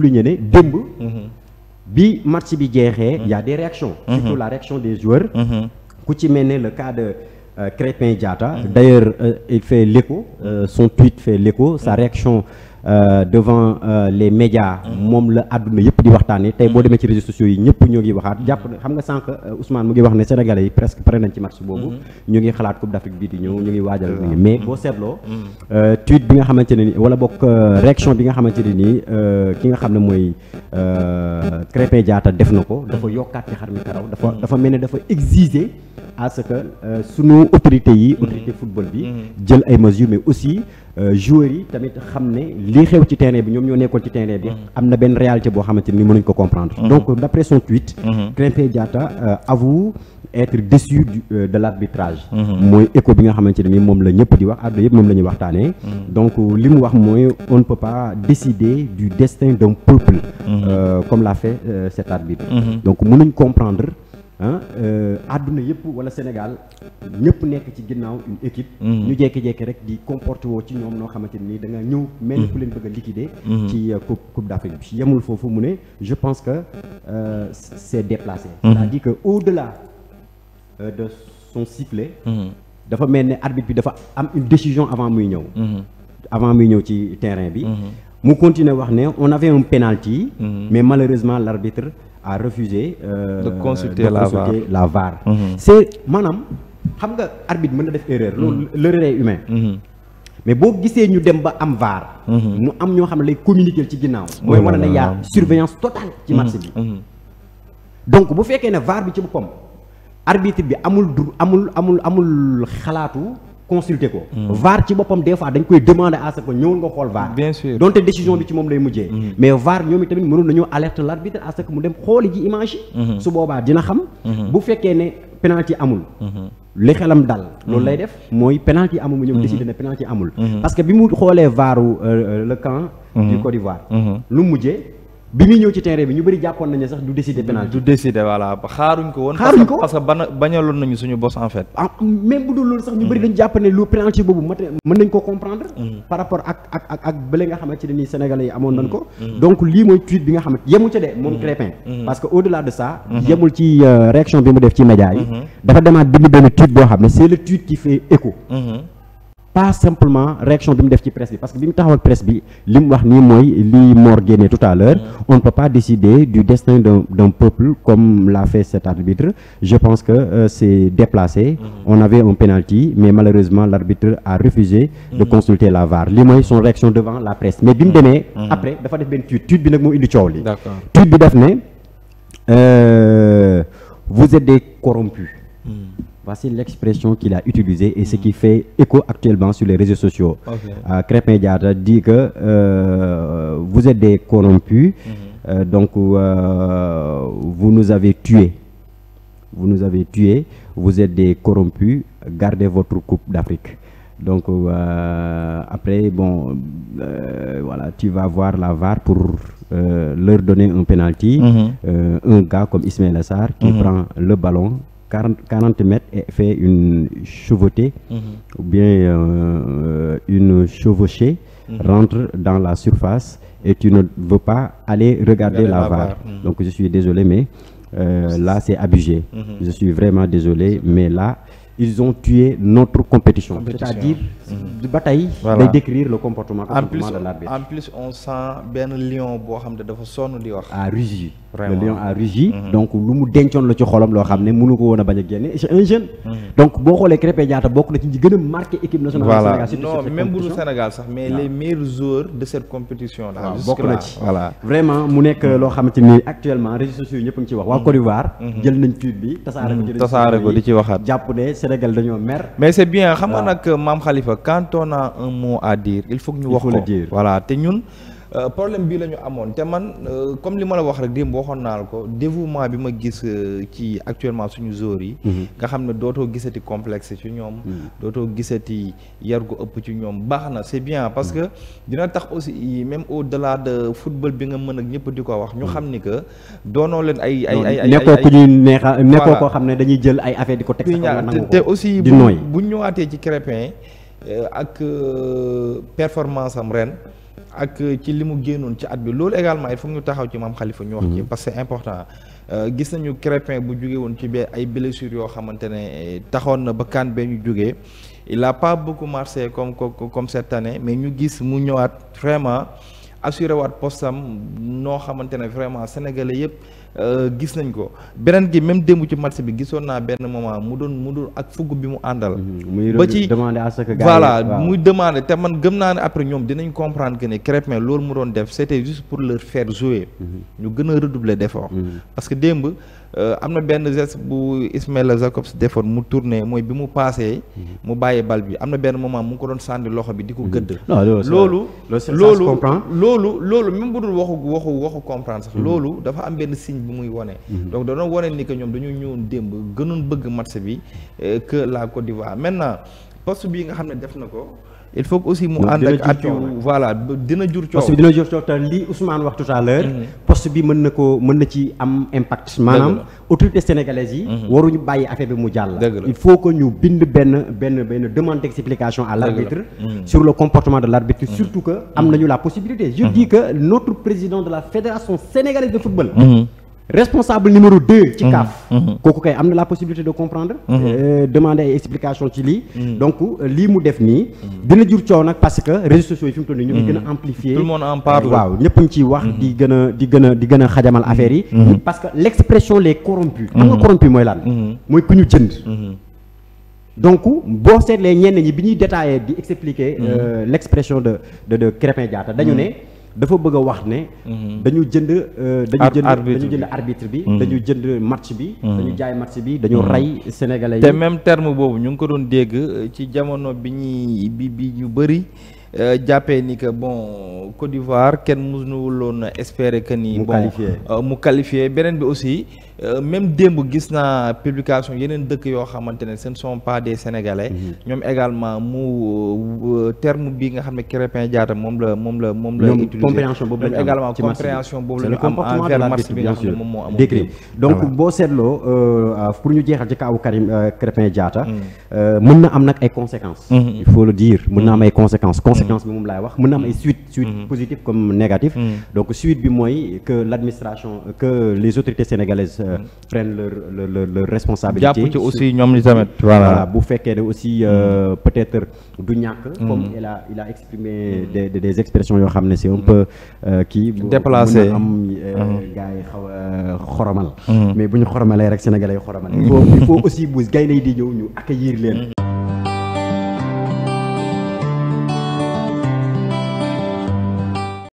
lu ne démb. Mhm. bi match bi jeexee. Mhm. y des réactions. Mhm. surtout la réaction des joueurs. ku ci mel ne le cas de euh, Crépin Diatta. d'ailleurs euh, il fait l'écho euh, son tweet fait l'écho sa réaction. Euh, devant euh, les médias moom la àdduna yëpp di waxtaan waxtaanee tey boo demee ci réseaux sociaux yi ñëpp ñoo ngi waxaat jàpp xam nga sànq euh, Ousmane mu ngi wax ne sénégalais yi presque pare nañ ci match boobu mm-hmm. ñu ngi xalaat coupe d'Afrique bii di ñëw ñu ngi waajal ni mais boo seetloo mm-hmm. tweet bi nga xamante ne nii wala bokk réaction bi nga xamante ne nii ki nga xam ne mooy Krépin Diatta def na ko dafa mm-hmm. yokkaat ci xar mi karaw dafa dafa mel ni dafa exiger à ce que sunu autorité yi autorité bi jël ay mesures mais aussi Euh, joueurs yi tamit xam ne lii xew ci terrain bi ñoom ñoo nekkoon ci terrain bi mm-hmm. am na benn réalité boo xamante ni mënuñ ko comprendre mm-hmm. donc d'après son tweet mm-hmm. Krépin Diatta euh, avoue être déçu euh, de l'arbitrage mooy écho bi nga xamante ne ni moom la ñëpp di wax àdduna yëpp moom la ñuy waxtaanee donc li mu wax mooy on ne peut décider du destin d'un peuple comme l'a fait cet arbitre donc mënuñ comprendre ah àdduna yëpp wala Sénégal ñëpp nekk ci ginnaaw une équipe. Mm-hmm. ñu jékki-jékki rek di comporté woo ci ñoom noo xamante nii da nga ñëw. mel ni ku mm-hmm. leen bëgg a liquider. Mm-hmm. ci euh, coupe d'Afrique bi yemul foofu mu ne je pense que euh, c'est déplacé. cest a dire que au-delà euh, de son sifflet. dafa mel ne arbitre bi dafa am une décision avant muy ñëw. avant muy ñëw ci terrain bi. mu continuer wax ne on avait un penalty. mais malheureusement l'arbitre a refusé. Euh, de consulter de la VAR la VAR. Mm -hmm. c'est maanaam xam nga arbitre mën na def erreur. loolu mm-hmm. l'erreur humain. Mm-hmm. mais boo gisee ñu dem ba am VAR. Mm-hmm. ñu am ñoo xam ne lay communiquer ci ginnaaw. mooy wane ne yaa surveillance totale. ci marché bi. donc bu fekkee ne VAR bi ci boppam arbitre bi amul du amul amul amul xalaatu. consulter ko. Hmm. VAR ci boppam des fois dañ koy demander à ce que ñëwul nga xool VAR. bien sûr donte décision bi ci moom lay mujjee. Hmm. mais VAR ñoom itamit mënoon nañoo alerte l' arbitre à mu dem xooli ji image hmm. su boobaa dina xam. bu fekkee ne penalty amul. li xelam dal loolu lay def mooy penalty amul mu ñëw décidé ne penalty amul. parce que bi mu xoolee VARu euh, euh, le camp. du Côte d'Ivoire. lu mujjee. bi muy ñëw ci terrain bi ñu bëri jàppoon nañu sax du décider penalty du décider voilà xaaruñ ko woon. xaaruñ ko parce que bana bañaloon nañu suñu boss en fait. ah même bu dul loolu sax ñu bëri mm. dañu jàpp lu penalty boobu mat mën nañ ko comprendre. Mm. par rapport ak ak ak bële nga xamante ne nii sénégalais yi amoon nañ ko. Mm. donc lii mooy tweet bi nga xamante yemul ca de moom Crépin. parce que au delà de ça. Mm-hmm. yemul ci euh, réaction bi mu def ci média mm-hmm. dafa demaat pas simplement réaction de mu def ci presse bi parce que bi mu taxaw bi li mu wax nii mooy li Mor génne tout à l'heure mm. on ne peut pas décider du destin d'un peuple comme l'a fait cet arbitre je pense que euh, c'est déplacé mm-hmm. on avait un penalty mais malheureusement l'arbitre a refusé de mm-hmm. consulter la VAR li mooy son réaction devant la presse mais bi mu demee mm-hmm. après dafa def benn tweet tweet bi nag moo indi coow li tweet bi def ne euh, vous êtes des corrompus Voici l'expression qu'il a utilisée et ce mm. qui fait écho actuellement sur les réseaux sociaux. Okay. Euh, dit que euh, vous êtes des corrompus, mm-hmm. euh, donc euh, vous nous avez tués. Vous nous avez tués, vous êtes des corrompus, gardez votre coupe d'Afrique. Donc après, bon, voilà, tu vas voir la VAR pour leur donner un penalty. Mm -hmm. un gars comme Assar qui mm-hmm. prend le ballon 40, 40 mètres et fait une chevautée mm-hmm. ou bien euh, euh une chevauchée, mm-hmm. rentre dans la surface et tu ne veux pas aller regarder, regarder la, mm-hmm. Donc je suis désolé, mais euh, là c'est abusé. Je suis vraiment désolé, mais là ils ont tué notre compétition. compétition. C'est-à-dire bataille voilà. décrire le comportement, comportement en plus, de l'arbitre. En plus on sent benn lion boo xam ne dafa sonn di wax. à Russie. le lion a rugi. Mm-hmm. donc lu mu dencoon la ci xolam loo xam ne mënu ko woon a bañ a génne c'est un jeune. Mm-hmm. donc boo xoolee Krépin Diatta bokk na ci ñi gën a marqué équipe nationale. voilà Sénégal sax mais les meilleurs joueurs de cette compétition na ci voilà. mu nekk mm-hmm. loo xamante ni actuellement réseaux sociaux a ngi ci wax waa Côte d'Ivoire. jël nañ tweet bi tasaare ko. tasaare ko di ci waxaat jàpp ne Sénégal mer. mais c'est bien xam nga nag maam Khalifa quand a un mot à dire il faut que ñu wax ko voilà te ñun. Euh, problème bii la ñu amoon te man euh, comme li ma la wax rek démb waxoon naa la ko dévouement bi ma gis euh, ci actuellement suñu joueurs yi. Mhm. nga xam ne dootoo gisati complexe ci ñoom. Mhm. dootoo gisati yar gu ëpp ci ñoom baax na c'est bien parce mhm. que dina tax aussi même au delà de football bi nga mën ak ñëpp di ko wax ñu xam ni que doonoo leen ay. ay ay ay nekkoo ku ñuy neexa nekkoo koo xam ne dañuy jël ay affaire di ko teg te aussi bu ñëwaatee ci Crépin ak performance am ren. ak ci li mu génnoon ci at bi loolu également il faut ñu taxaw ci maam Khalifa ñu wax ci mhm. parce que c'est important euh, gis nañu Crépin bu jóge woon ci bee ay blessures yoo xamante ne eh, taxoon na ba kan bee ñu jógee il a pas beaucoup marché comme comme comme mais ñu gis mu ñëwaat vraiment assuré waat postam noo xamante ne vraiment sénégalais yëpp. Euh, gis nañ ko beneen gi même démb ci match bi gisoon naa benn moment mu doon mu doon ak fugg bi mu àndal. Mhm. ba ci voilà muy demandé te man gëm naa ne après ñoom dinañ comprendre que ne Krépin loolu mu doon def c' était juste pour leur faire jouer. Mhm. ñu gën a redoubler d'effort mhm. que démb euh, am na benn geste bu la Jacobs defoon mu tourné mooy bi mu paasee. mu bàyyi bal bi am na benn moment mu ngi ko doon sànni loxo bi di ko gëdd. loolu loolu loolu loolu même bu dul waxu waxu waxu comprendre bi muy wone mhm. donc da doon wone ni que ñoom dañu ñëwoon démb gënoon bëgg match bi euh, que la Côte d'Ivoire maintenant poste bii nga xam ne def na ko il aussi mu ànd ak appui voilà dina jur coow parce que dina jur coow te li Ousmane wax tout mhm. na ko mën na ci am impact maanaam autorité sénégalaise yi mhm. waruñu bàyyi affaire bi mu jàll il faut que ñu bind benn benn benn demande d'explication à l'arbitre sur le comportement de l'arbitre surtout que am nañu la possibilité je dis que notre président de la fédération sénégalaise de football responsable numéro deux ci mmh. CAF mmh. Mmh. kooku kay am na la possibilité de comprendre euh, demander ay explication ci lii donc euh, lii mu def nii dina jur coow nag parce que réseaux sociaux yi fi mu toll nii ñu ngi gën a amplifier waaw ñëpp ñu ciy wax di gën a di gën gën a xajamal affaire yi parce que l' expression les corrompus xam nga corrompu mooy lan mooy ku ñu jënd donc boo seetlee ñenn ñi bi ñuy détaillé di expliquer euh, l' de de de Krépin dañu ne dafa bëgg a wax ne. Mhm. dañu jënd. Euh, dañu jënd dañu jënd arbitre bi. Mhm. dañu jënd match bi. Mhm. dañu jaay match bi dañu rey sénégalais te même terme boobu ñu ngi ko doon dégg euh, ci jamono bi ñuy bi bi ñu bëri euh, jàppe ni que bon. bon Côte d'Ivoire kenn mënuwul woon espérer que ni. mu euh, mu qualifié beneen bi aussi euh, même démb gis naa publication yeneen dëkk yoo xamante ne ce ne sont pas des sénégalais. Mhm. ñoom également mu euh, terme bi nga xam ne Krépin Diatta moom la moom la moom la. utilisé compréhension boobu la ñu am également compréhension boobu la ñu am envers match bi nga xam ne moom moo amoon donc boo seetloo pour ñu jeexal ci kaawu kari Krépin Diatta. mun mm. na am nag ay conséquences. Mm-hmm. il faut le dire mën na am mm-hmm. ay conséquences mm-hmm. conséquences bi moom laay wax mën na am ay suite suite Mm. positif comme négatif. Mm. donc suite bi mooy que l' administration que les autorités sénégalaises euh, mm. prennent leur leur leur responsabilité. jàpp ci aussi ñoom li tamit voilà bu fekkee ne aussi euh, peut-être du ñàkk. comme il a il a des des expressions yoo xam ne c' est un peu euh, kii. déplacé am gars yi xaw a xoromal. mais bu ñu xoromalee rek sénégalais yi xoromal. il faut aussi bu gaynde yi di ñëw ñu accueillir leen.